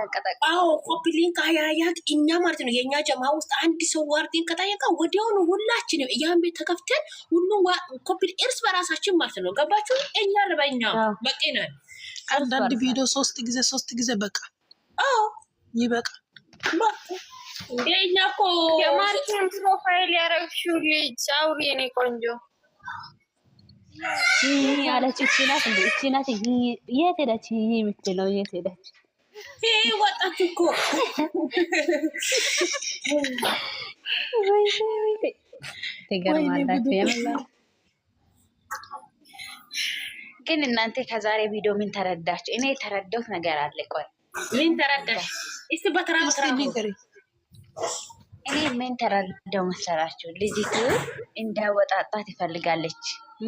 ያንቀጠቀጥ። ኮፒ ሊንክ ሀያያት እኛ ማለት ነው የእኛ ጀማ ውስጥ አንድ ሰው ዋርዴን ከጠየቀ ወዲያውኑ ሁላችን ያን ቤት ተከፍተን ሁሉም ኮፒ እርስ በራሳችን ማለት ነው ገባችሁ። እኛ ለበኛ በቂ ነን። አንዳንድ ቪዲዮ ሶስት ጊዜ ሶስት ጊዜ በቃ አዎ ይበቃ እኛ እኮ የማርቲን ፕሮፋይል ያረግሹ ልጅ አውሪ የኔ ቆንጆ ያለች እቺ ናት። እንደ እቺ ናት። የት ሄደች? ይህ የምትለው የት ሄደች? ይሄ ወጣት እኮ ግን እናንተ ከዛሬ ቪዲዮ ምን ተረዳችሁ? እኔ የተረዳሁት ነገር አለ። ቆይ ምን ተረዳሽ? እስቲ በተራ በተራ እኔ ምን ተረዳው መሰላችሁ? ልጅቱ እንዳወጣጣት ይፈልጋለች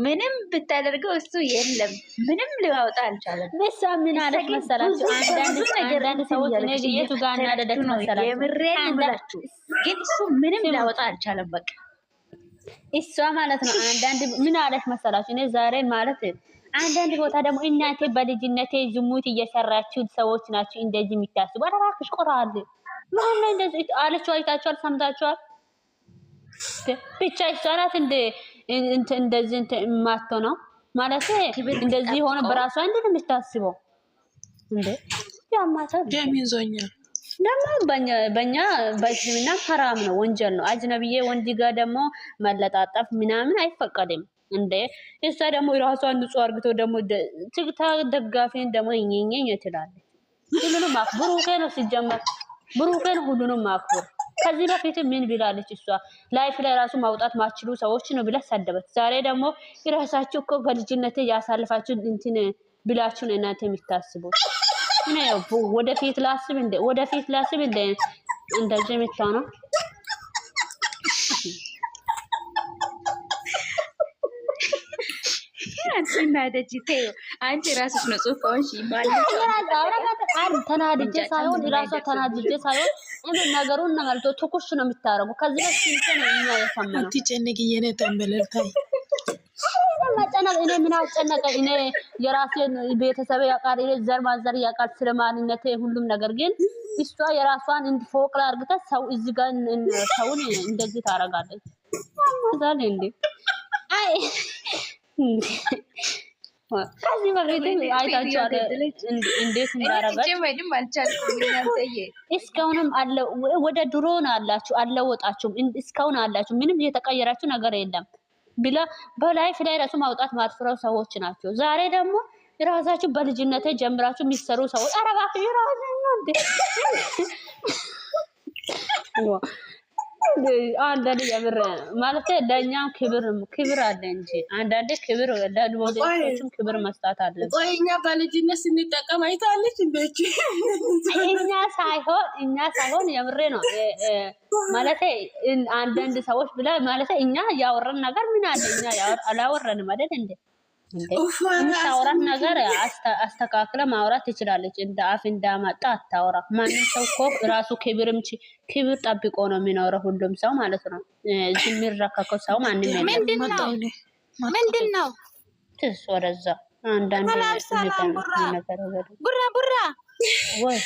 ምንም ብታደርገው እሱ የለም ምንም ሊያወጣ አልቻለም። በሳ ምን አለች መሰላችሁ? አንዳንድ ነገር ሰዎች የቱ ጋር እናደደት መሰላችሁ? የምሬ ምላችሁ ግን እሱ ምንም ሊያወጣ አልቻለም። በቃ እሷ ማለት ነው። አንዳንድ ምን አለች መሰላችሁ? እኔ ዛሬ ማለት አንዳንድ ቦታ ደግሞ እናቴ በልጅነቴ ዝሙት እየሰራችሁ ሰዎች ናችሁ እንደዚህ የሚታስቡ አራራክሽ ቆራል ምንም እንደዚህ አለችው። አይታችኋል፣ ሰምታችኋል። ብቻ እሷ ናት እንደ እንደዚህ እንትን ማቶ ነው ማለት እንደዚህ ሆነ በራሷ እንዴት የምታስበው እንዴ? ያማታል። ደም ይዞኛል ደግሞ በኛ በእስልምና ሐራም ነው፣ ወንጀል ነው። አጅነብዬ ወንድ ጋር ደግሞ መለጣጠፍ ምናምን አይፈቀድም። እንደ እሷ ደግሞ የራሷን ንጹህ አርግቶ ደግሞ ትግታ ደጋፊን ደግሞ ይኝኝኝ ትላለች። ሁሉንም አክብር ብሩኬ ነው ሲጀመር ብሩኬ ሁሉንም አክብር ከዚህ በፊት ምን ብላለች እሷ? ላይፍ ላይ ራሱ ማውጣት ማችሉ ሰዎች ነው ብላ ሰደበት። ዛሬ ደግሞ የራሳችሁ እኮ በልጅነት ያሳልፋችሁ እንትን ብላችሁ ነው እናንተ የምታስቡት። ወደፊት ላስብ እንደ ወደፊት ላስብ እንደ እንደዚህ የምታው ነው ተናደጅ አንቺ ራስሽ ነው ጽሁፋዎች ይባላል። ተናድጄ ሳይሆን ራሷ ተናድጄ ሳይሆን ሙሉ ነገሩን ነመልቶ ትኩስ ነው የምታደርጉ። ከዚህ በፊት ነው እኛ የሰማነው። አትጨነቂ የኔ ተንበለልታይ መጨነቅ እኔ ምን አጨነቀ? እኔ የራሴን ቤተሰብ ያውቃል፣ ዘር ማንዘር ያውቃል፣ ስለ ማንነቴ ሁሉም ነገር። ግን እሷ የራሷን ፎቅ ላይ አርግታ ሰው እዚህ ጋር ሰውን እንደዚህ ታደርጋለች። ዛል እንዴ ከዚህ በፊትም አይታችኋል እንዴት እስካሁንም ወደ ድሮ ነው አላችሁ፣ አልለወጣችሁም። እስካሁን አላችሁ፣ ምንም የተቀየራችሁ ነገር የለም ብላ በላይፍ ላይ ራሱ ማውጣት ማትፍረው ሰዎች ናቸው። ዛሬ ደግሞ ራሳችሁ በልጅነት ጀምራችሁ የሚሰሩ ሰዎች አረባችሁ ራሱ አንዳንዴ የምር ማለት ለእኛም ክብር ክብር አለ እንጂ አንዳንዴ ክብር ለሞዴሎችም ክብር መስጣት አለ። እኛ በልጅነት ስንጠቀም አይታለች እንደች እኛ ሳይሆን እኛ ሳይሆን የምሬ ነው ማለት አንዳንድ ሰዎች ብላ ማለት እኛ ያወረን ነገር ምን አለ እኛ አላወረንም አይደል እንዴ? የምታወራት ነገር አስተካክለ ማውራት ትችላለች። እንደ አፍ እንዳመጣ አታውራ። ማንም ሰው እኮ ራሱ ክብርም ክብር ጠብቆ ነው የሚኖረው ሁሉም ሰው ማለት ነው። የሚረከከው ሰው ማንም ወደዛ አንዳንድ ቡራ ቡራ ወይ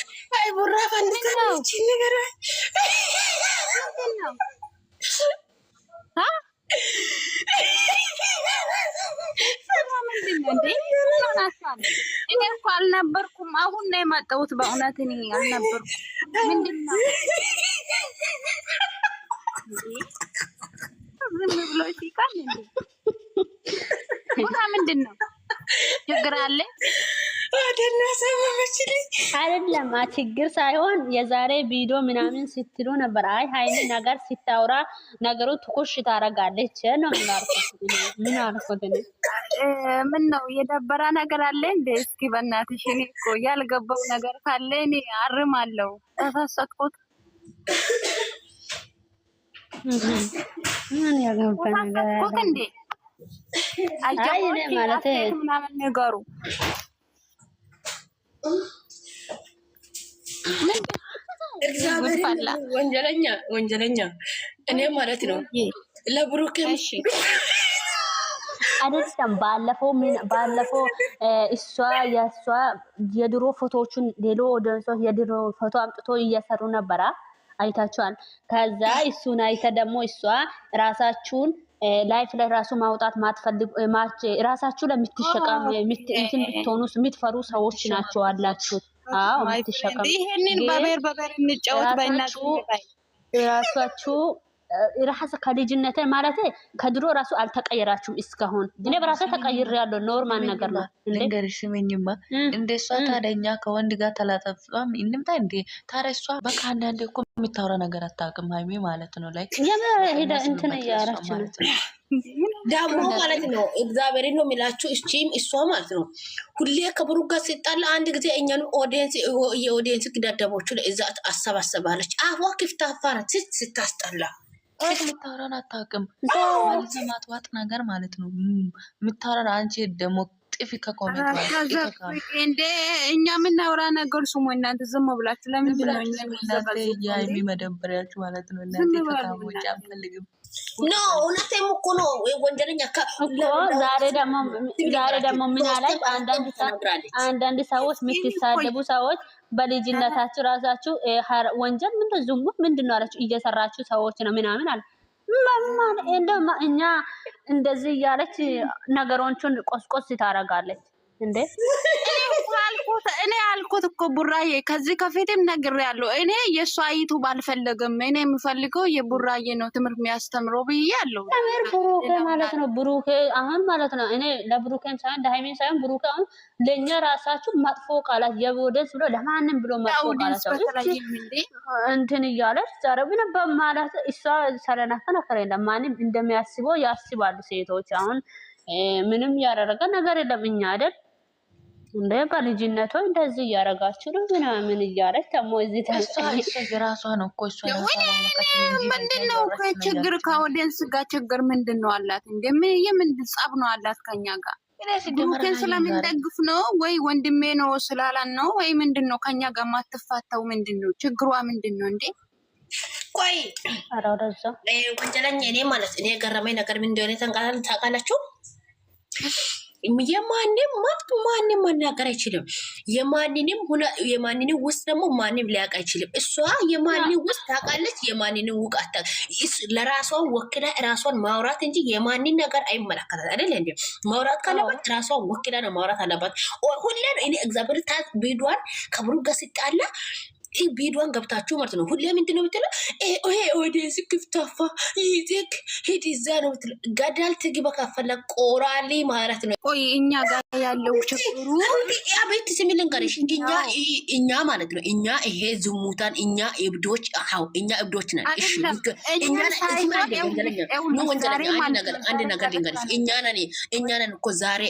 ቡራ ፈንድታ ነገር እኔ እኮ አልነበርኩም። አሁን ነው የመጣሁት። በእውነት እኔ አልነበርኩም። ምንድን ነው ዝም ብሎ ሲቃል? ምንድን ነው ችግር አለ? አይደለም ችግር ሳይሆን የዛሬ ቪዲዮ ምናምን ስትሉ ነበር። አይ ሀይሚ ነገር ስታውራ ነገሩ ትኩሽ ታረጋለች ነው ምን አልኩት። ምን ነው የደበራ ነገር አለ እንዴ? እስኪ በእናትሽ እኔ እኮ ያልገባው ነገር ካለ እኔ አርማለሁ። ተሳሰጥኩት ምን ያገባ ነገር አይ ማለት ምናምን ነገሩ እግዚአብሔር ወንጀለኛ ወንጀለኛ እኔ ማለት ነው ለብሩክ አይደለም። ባለፈው ባለፈው እሷ የእሷ የድሮ ፎቶዎቹን ሌሎ ወደሰው የድሮ ፎቶ አምጥቶ እየሰሩ ነበራ አይታችኋል። ከዛ እሱን አይተ ደግሞ እሷ ራሳችሁን ላይፍ ላይ ራሱ ማውጣት ማትፈልጉ ራሳችሁ ለምትሸቀም እንትን ብትሆኑስ የምትፈሩ ሰዎች ናቸው አላችሁት። አዎ የምትሸቀም ይሄንን በበር በበር እንጫወት በእናችሁ ራሳችሁ ራሳ ከልጅነት ማለት ከድሮ ራሱ አልተቀየራችሁም እስካሁን። እኔ በራሴ ተቀይር ያለው ኖርማል ነገር ነው። ልንገርሽ እንደ እሷ ታደኛ ከወንድ ጋር ተላጠፍም እንምታ እንዴ ታዲያ እሷ በቃ አንዳንዴ እኮ የምታወራ ነገር አታውቅም ሀይሜ ማለት ነው ላይ ሄዳ እንትን እያራች ማለት ነው ዳሞ ማለት ነው። እግዚአብሔር ነው የሚላችሁ። እስቺም እሷ ማለት ነው ሁሌ ከብሩ ጋር ሲጣላ አንድ ጊዜ እኛን ኦዲንስ የኦዲንስ ግዳደቦቹ ለእዛ አሰባሰባለች። አፏ ክፍት ናት ስታስጠላ የምታወራን አታውቅም። ማጥዋጥ ነገር ማለት ነው የምታወራን። አንቺ ደግሞ ጥፊ ከኮሜንት እንደ እኛ የምናወራ ነገር ስሙ እናንተ ዝም ብላችሁ ለምንድን ነው የሚመደበሪያችሁ ማለት ነው? እናንተ ከታሞች አንፈልግም ኖ እውነቴም እኮ ነው። ወንጀለኛ ዛሬ ደግሞ ምን አላይ? አንዳንድ ሰዎች የምትሳደቡ ሰዎች በልጅነታችሁ ራሳችሁ ወንጀል ምንድን ዝሙት ምንድን ነው አላችሁ እየሰራችሁ ሰዎች ነው ምናምን አለ። እኛ እንደዚህ እያለች ነገሮቹን ቆስቆስ ታደርጋለች እንዴ እኔ ያልኩት እኮ ቡራዬ ከዚህ ከፊትም ነግሬያለሁ። እኔ የእሱ አይቱ ባልፈለግም እኔ የምፈልገው የቡራዬ ነው ትምህርት የሚያስተምረው ብያለሁ። ትምህርት ብሩኬ ማለት ነው። ብሩኬ አሁን ማለት ነው እኔ ለብሩኬም ሳይሆን ለሃይሜን ሳይሆን ብሩኬ አሁን ለእኛ ራሳችሁ መጥፎ ቃላት የወደስ ብሎ ለማንም ብሎ መጥፎ ቃላት እንትን እያለች ዛረቢ ምንም ማለት እሷ ሰለናተን ሰለናከናከረ ለማንም እንደሚያስበው ያስባሉ ሴቶች አሁን ምንም ያደረገ ነገር የለም እኛ አይደል እንደ በልጅነቷ እንደዚህ እያደረጋችሁ ነው ምናምን እያለች ደግሞ እዚህ ነው እኮ እሷ ምንድን ነው ችግር ከኦዲየንስ ጋር ችግር ምንድን ነው አላት? እንደ ምን የምንድን ጸብ ነው አላት ከኛ ጋር ብሩኬን ስለምንደግፍ ነው ወይ ወንድሜ ነው ስላላን ነው ወይ ምንድን ነው ከኛ ጋር ምንድን ነው ችግሯ? ምንድን ነው እንዴ? ቆይ ወንጀለኛ እኔ ማለት እኔ የገረመኝ ነገር ምን እንደሆነ ተንቃላል ታውቃላችሁ የማንም መብት ማንም መናገር አይችልም። የማንንም የማንንም ውስጥ ደግሞ ማንም ሊያውቅ አይችልም። እሷ የማንን ውስጥ ታውቃለች፣ የማንንም ውቃት ለራሷን ወክላ ራሷን ማውራት እንጂ የማንን ነገር አይመለከታት አይደል? እንዲ ማውራት ካለባት ራሷን ወክላ ነው ማውራት አለባት። ሁሌ ነው እኔ እግዚአብሔር ቢዷን ከብሩ ሲጣላ ቢድዋን ገብታችሁ ማለት ነው። ሁሌ ምንድን ነው የምትለው? ይሄ ኦዴንስ ክፍታፋ ይዜክ ሂድ እዛ ነው ምትለ ገዳል ትግባ ካፈላ ቆራሌ ማለት ነው። ቆይ እኛ ጋር ያለው ችግሩ ቤት ስሚልን ጋርሽ እኛ እኛ ማለት ነው። እኛ ይሄ ዝሙታን እኛ እብዶች ው እኛ እብዶች ነን። እኛነን እኮ ዛሬ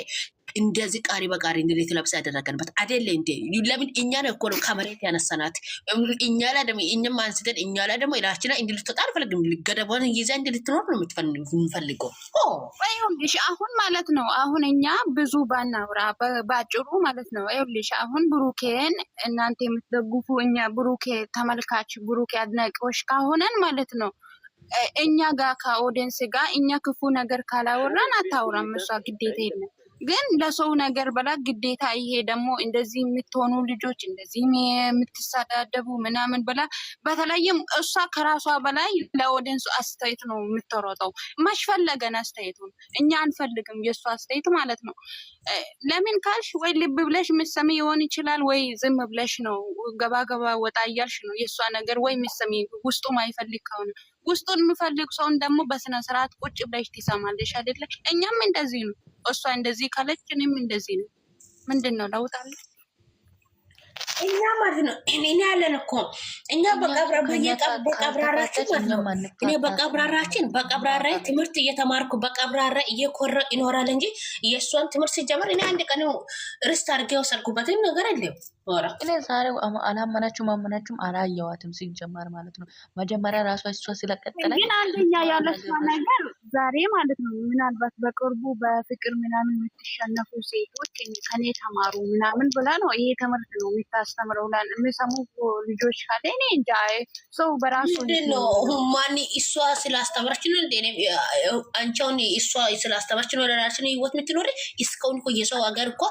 እንደዚህ ቃሪ በቃሪ እንድትለብስ ያደረገንበት አደለ እንዴ? ለምን እኛ ነው እኮ ነው ከመሬት ያነሳናት። እኛ ላይ ደግሞ እኛም አንስተን እኛ ላይ ደግሞ ላችን ላይ እንድልትወጣ አልፈልግም። ገደቧን ይዛ እንድልትኖር ነው የምፈልገው። ይኸውልሽ አሁን ማለት ነው አሁን እኛ ብዙ ባናውራ ባጭሩ ማለት ነው። ይኸውልሽ አሁን ብሩኬን እናንተ የምትደግፉ እኛ ብሩኬ ተመልካች ብሩኬ አድናቂዎች ካሆነን ማለት ነው እኛ ጋር ከኦዲየንስ ጋር እኛ ክፉ ነገር ካላወራን አታውራም። እሷ ግዴታ የለም ግን ለሰው ነገር በላ ግዴታ ይሄ ደግሞ እንደዚህ የምትሆኑ ልጆች እንደዚህ የምትሳዳደቡ ምናምን በላ በተለይም እሷ ከራሷ በላይ ለኦዲንሱ አስተያየት ነው የምትሮጠው። ማሽፈለገን አስተያየቱን እኛ አንፈልግም፣ የእሱ አስተያየት ማለት ነው። ለምን ካልሽ ወይ ልብ ብለሽ ምሰሚ ይሆን ይችላል፣ ወይ ዝም ብለሽ ነው ገባገባ ገባ ወጣ እያልሽ ነው የእሷ ነገር ወይ ምሰሚ ውስጡ ማይፈልግ ከሆነ ውስጡን የሚፈልግ ሰውን ደግሞ በስነ ስርዓት ቁጭ ብለሽ ትሰማለሽ አይደለ? እኛም እንደዚህ ነው። እሷ እንደዚህ ካለች እኔም እንደዚህ ነው። ምንድን ነው ለውጣለች እኛ ማለት ነው እኔ ያለን እኮ እኛ በቀብራራችን በቀብራራችን በቀብራራ ትምህርት እየተማርኩ በቀብራራ እየኮረ ይኖራል እንጂ የእሷን ትምህርት ሲጀመር እኔ አንድ ቀን ርስት አድርጌ የወሰድኩበትም ነገር የለም። እኔ ዛሬ አላመናችሁም አመናችሁም አላየዋትም ሲጀመር ማለት ነው መጀመሪያ ራሷ እሷ ስለቀጠለ ግን አንደኛ ያለሷ ነገር ዛሬ ማለት ነው ምናልባት በቅርቡ በፍቅር ምናምን የምትሸነፉ ሴቶች ከኔ ተማሩ ምናምን ብላ ነው ይሄ ትምህርት ነው የምታስተምረው የሚሰሙ ልጆች ካለ እኔ እንጃ ሰው በራሱ ነው ሁማኒ እሷ ስላስተምራችን አንቸውን እሷ ስላስተምራችን ወደራችን ህይወት የምትኖር እስከውን እኮ የሰው ሀገር እኮ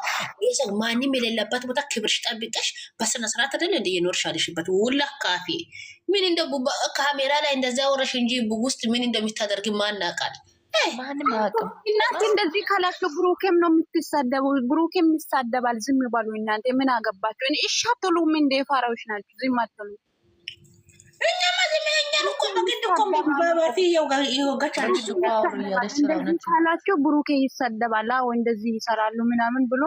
የሰው ማንም የሌለበት ቦታ ክብርሽ ጠብቀሽ በስነስርዓት አደለ እንደ የኖርሽ አልሽበት ውላ ካፌ ምን እንደ ካሜራ ላይ እንደዚያ ወረሽ እንጂ ውስጥ ምን እንደሚታደርግ ማናቃል ማንም አያውቅም። እናንተ እንደዚህ ካላችሁ ብሩኬም ነው የምትሳደቡ። ብሩኬም ይሳደባል። ዝም ባሉ እናንተ ምን አገባችሁ? እሺ አትሉም እንደ ፋራዎች ናችሁ። ዝም አትሉ ካላቸው ብሩኬ ይሰደባል እንደዚህ ይሰራሉ ምናምን ብሎ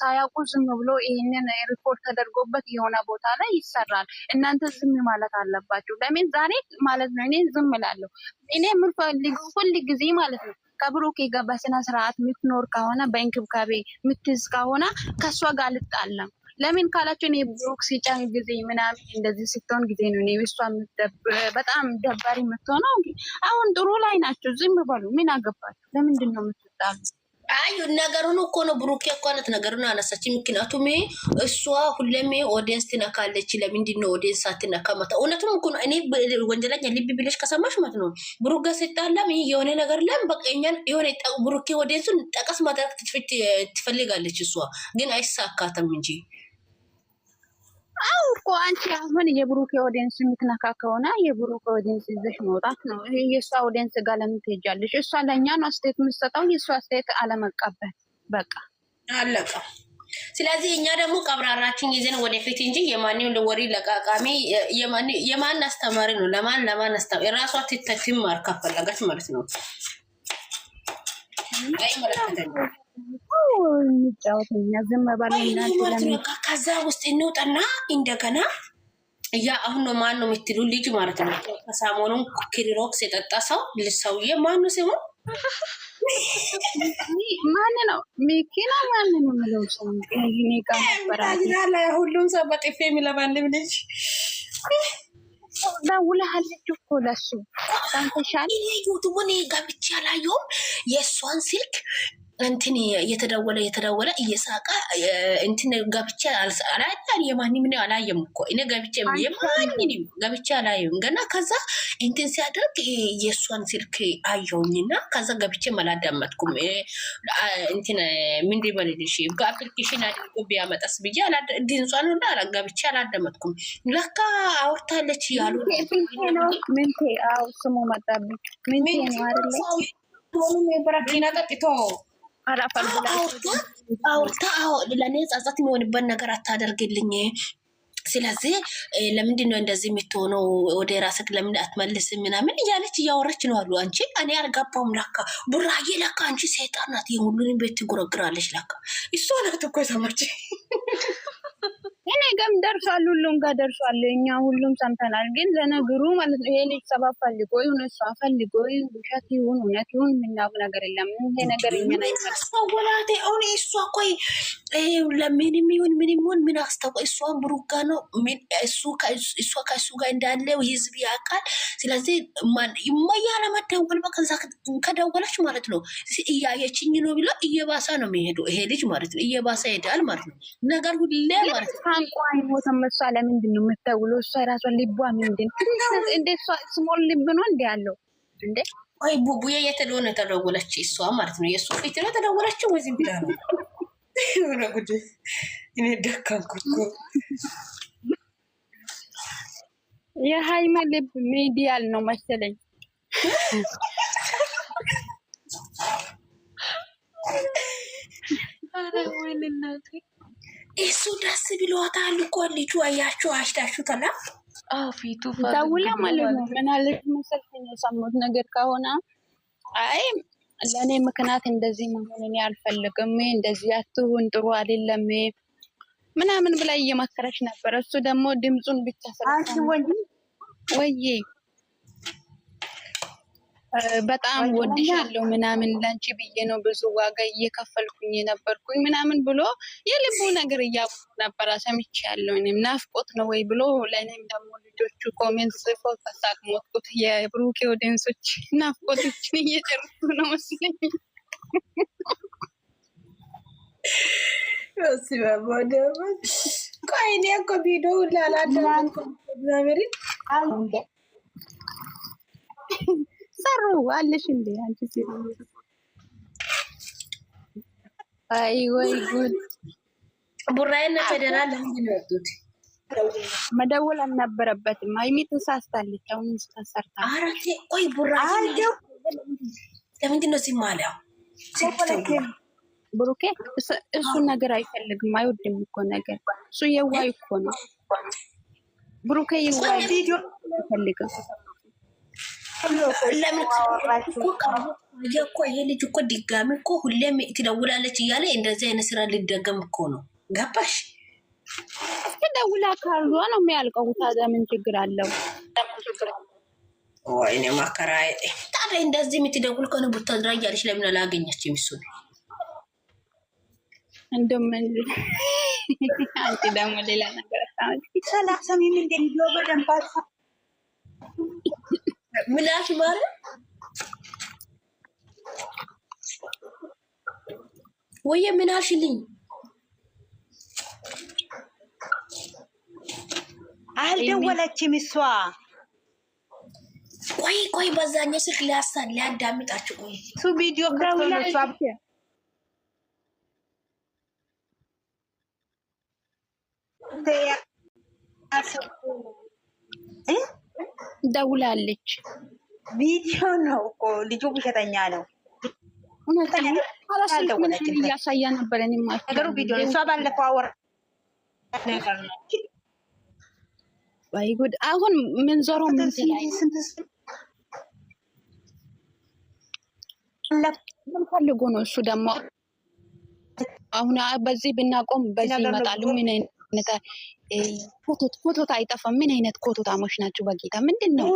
ሳያውቁ ዝም ብሎ ይህንን ሪፖርት ተደርጎበት የሆነ ቦታ ላይ ይሰራል። እናንተ ዝም ማለት አለባችሁ። ለምን ዛሬ ማለት ነው እኔ ዝም እላለሁ። እኔ የምፈልገው ሁል ጊዜ ማለት ነው ከብሩኬ ጋር በስነ ስርዓት የምትኖር ከሆነ በእንክብካቤ የምትይዝ ከሆነ ከእሷ ጋር ልጣለም ለምን ካላቸው እኔ ብሩክ ሲጫን ጊዜ ምናምን እንደዚህ ስትሆን ጊዜ ነው እኔ እሷ በጣም ደባሪ የምትሆነው። አሁን ጥሩ ላይ ናቸው። ዝም በሉ። ምን አገባቸው? ለምንድን ነው የምትጣሉ? አይ ነገሩን እኮ ነው ብሩክ እኮ አለት ነገሩን አነሳች። ምክንያቱም እሷ ሁሌም ኦዲንስ ትነካለች። ለምንድን ነው ኦዲየንስ አትነካ? ማለት እውነቱም እኮ ነው። እኔ ወንጀለኛ ልብ ብለሽ ከሰማሽ ማለት ነው ብሩክ ጋር ሲጣላም የሆነ ነገር ለም በቀኛን የሆነ ብሩኬ ኦዲንሱን ጠቀስ ማድረግ ትፈልጋለች። እሷ ግን አይሳካተም እንጂ አው እኮ አንቺ አሁን የብሩክ ኦዲንስ የምትነካ ከሆነ የብሩክ ኦዲንስ ይዘሽ መውጣት ነው። የእሷ ኦዲንስ ጋር ለምን ትሄጃለሽ? እሷ ለእኛ ነው አስተያየት የምትሰጠው። የእሷ አስተያየት አለመቀበል በቃ አለቀ። ስለዚህ እኛ ደግሞ ቀብራራችን ይዘን ወደፊት እንጂ የማንም ለወሪ ለቃቃሚ የማን አስተማሪ ነው ለማን ለማን አስተማሪ የራሷ ትተትም ማር ማለት ነው። አይ መለከተኛ ከዛ ውስጥ እንውጣና እንደገና ያ አሁን ነው ማን ነው የምትሉ ልጅ ማለት ነው። ከሳሞኑን ክሪሮክስ የጠጣ ሰው ልሰውዬ ማን ነው ሲሆን ማን ነው ሚኪና ማን ነው ምለው ሰውኔቃበራለ ሁሉም ሰው በጥፌ የሚለባልም ልጅ ደውለሃል። እኮ ለሱ ሰምተሻል። ዩቱቡን ገብቼ አላየሁም የእሷን ስልክ እንትን እየተደወለ እየተደወለ እየሳቀ እንትን ገብቼ አላያል የማንም ነው አላየም እኮ እኔ ገብቼ የማንንም ገብቼ አላየም። ገና ከዛ እንትን ሲያደርግ የእሷን ስልክ አየውኝና ከዛ ገብቼ አላዳመጥኩም። እንትን ምንድ በልልሽ በአፕሊኬሽን አድርጎ ቢያመጣስ ብዬ ድንጿን ሁላ ገብቼ አላዳመጥኩም። ለካ አውርታለች ያሉ ምንቴ ስሙ መጣብኝ ምንቴ ነው አለ ሆኑ የበረኪና ጠጥቶ አውርታ ለእኔ ጸጸት የሚሆንበት ነገር አታደርግልኝ። ስለዚህ ለምንድን ነው እንደዚህ የምትሆነው? ወደ ራስህ ለምን አትመልስም? ምናምን እያለች እያወረች ነው አሉ። አንቺ እኔ አልገባውም። ላካ ቡራዬ፣ ላካ አንቺ ሰይጣን ናት፣ የሁሉንም ቤት ትጎረግራለች። ላካ እሷ ናት እኮ የሰማች እኔ ገም ደርሷል፣ ሁሉም ጋር ደርሷል። እኛ ሁሉም ሰምተናል። ግን ለነገሩ ማለት ነው ይሄ ልጅ ሰበብ ፈልጎ ይሁን እሷ ፈልጎ ይሁን ውሸት ይሁን እውነት ይሁን የምናውቅ ነገር የለም። ይሄ ነገር እኛን አይመለስወላቴ እሷ ቆይ ለምንም ይሁን ምንም ይሁን ምን አስታውቀ እሷን ብሩጋ ነው እሱ ከእሱ ጋር እንዳለ ህዝብ ያውቃል። ስለዚህ ይመያ ለመደወል ከዛ ከደወለች ማለት ነው እያየችኝ ነው ብሎ እየባሳ ነው የሚሄዱ ይሄ ልጅ ማለት ነው እየባሳ ይሄዳል ማለት ነው ነገር ሁሌ ማለት ነው ቋንቋ አይሞትም። እሷ ለምንድን ነው የምትውለው? እሷ የራሷን ልቧ ምንድን እንደ እሷ ስሞል ልብ ነው እንደ ያለው እንደ ወይ ቡቡዬ ነው የተደወለች እሷ ማለት ነው። የእሱ ፊት ነው የተደወለችው። ወይዚም ብላ ነው ሆነ ጉድ እኔ ደካንኩት። የሀይማ ልብ ሚዲያል ነው መሰለኝ። አረ ወይን እናቴ እሱ ደስ ብሎታል እኮ ልጁ አያችሁ፣ አሽታችሁታል ፊቱ ታውላ ማለት ነው። ምናለች መሰለኝ የሰሙት ነገር ከሆነ አይ ለእኔ ምክንያት እንደዚህ መሆን እኔ አልፈልግም፣ እንደዚህ አትሁን፣ ጥሩ አይደለም ምናምን ብላ እየመከረች ነበር። እሱ ደግሞ ድምፁን ብቻ ሰ ወይ በጣም ወድሻለሁ ምናምን ላንቺ ብዬ ነው ብዙ ዋጋ እየከፈልኩኝ የነበርኩኝ ምናምን ብሎ የልቡ ነገር ነበር ነበረ። ያለው እኔም ናፍቆት ነው ወይ ብሎ ለእኔም ደግሞ ልጆቹ ኮሜንት ጽፎ ተሳቅሞትኩት የብሩኬ ኦዲንሶች ናፍቆቶችን እየጨርሱ ነው መስለኝ። ቆይ እኔ እኮ ቪዲዮ ላላደራንኩ እግዚአብሔርን ሰሩ አለሽ እንዴ አንቺ ሲሉ አይ ወይ ጉድ ቡራዬን ፌደራል ለምንድን መደወል አልነበረበትም። አይሚ ተሳስታለች። አሁን ተሰርታ አራቴ ቆይ ቡራዬ ለምንድን ነው ሲማለው ብሩኬ እሱ ነገር አይፈልግም፣ አይወድም እኮ ነገር እሱ የዋይ እኮ ነው ብሩኬ የዋይ ቪዲዮ አይፈልግም እኮ ይሄ ልጅ እኮ ድጋሚ እኮ ሁሌም ትደውላለች እያለ እንደዚህ አይነት ስራ ሊደገም እኮ ነው። ገባሽ? ደውላ ካርዞ ነው የሚያልቀው። ታዲያ ምን ችግር አለው? ወይኔ መከራ። ታዲያ እንደዚህ የምትደውል ከሆነ ቡታጅራ እያለች ለምን አላገኘች? የሚሱ እንደምን አንቺ ደግሞ ሌላ ነገር ሰላሰሚም እንደሚለው በደንብ ምላሽ ማርያም ወየ ምናሽልኝ አልደወለችም እሷ። ቆይ ቆይ፣ በዛኛው ስልክ ሊያሳን ሊያዳምጣችሁ ቆይ እሱ ቪዲዮ ከፍቶ ደውላለች። ቪዲዮ ነው እኮ ልጁ ብሸተኛ ነው። እያሳያ ነበር ነገሩ ቪዲዮ እሷ ባለፈው አወራ ወይ ጉድ! አሁን ምን ዞሮ ምን ፈልጎ ነው እሱ ደግሞ አሁን በዚህ ብናቆም በዚህ ይመጣሉ ምን ፎቶ ኮቶት አይጠፋም። ምን አይነት ኮቶታሞች ናቸው? በጌታ ምንድን ነው?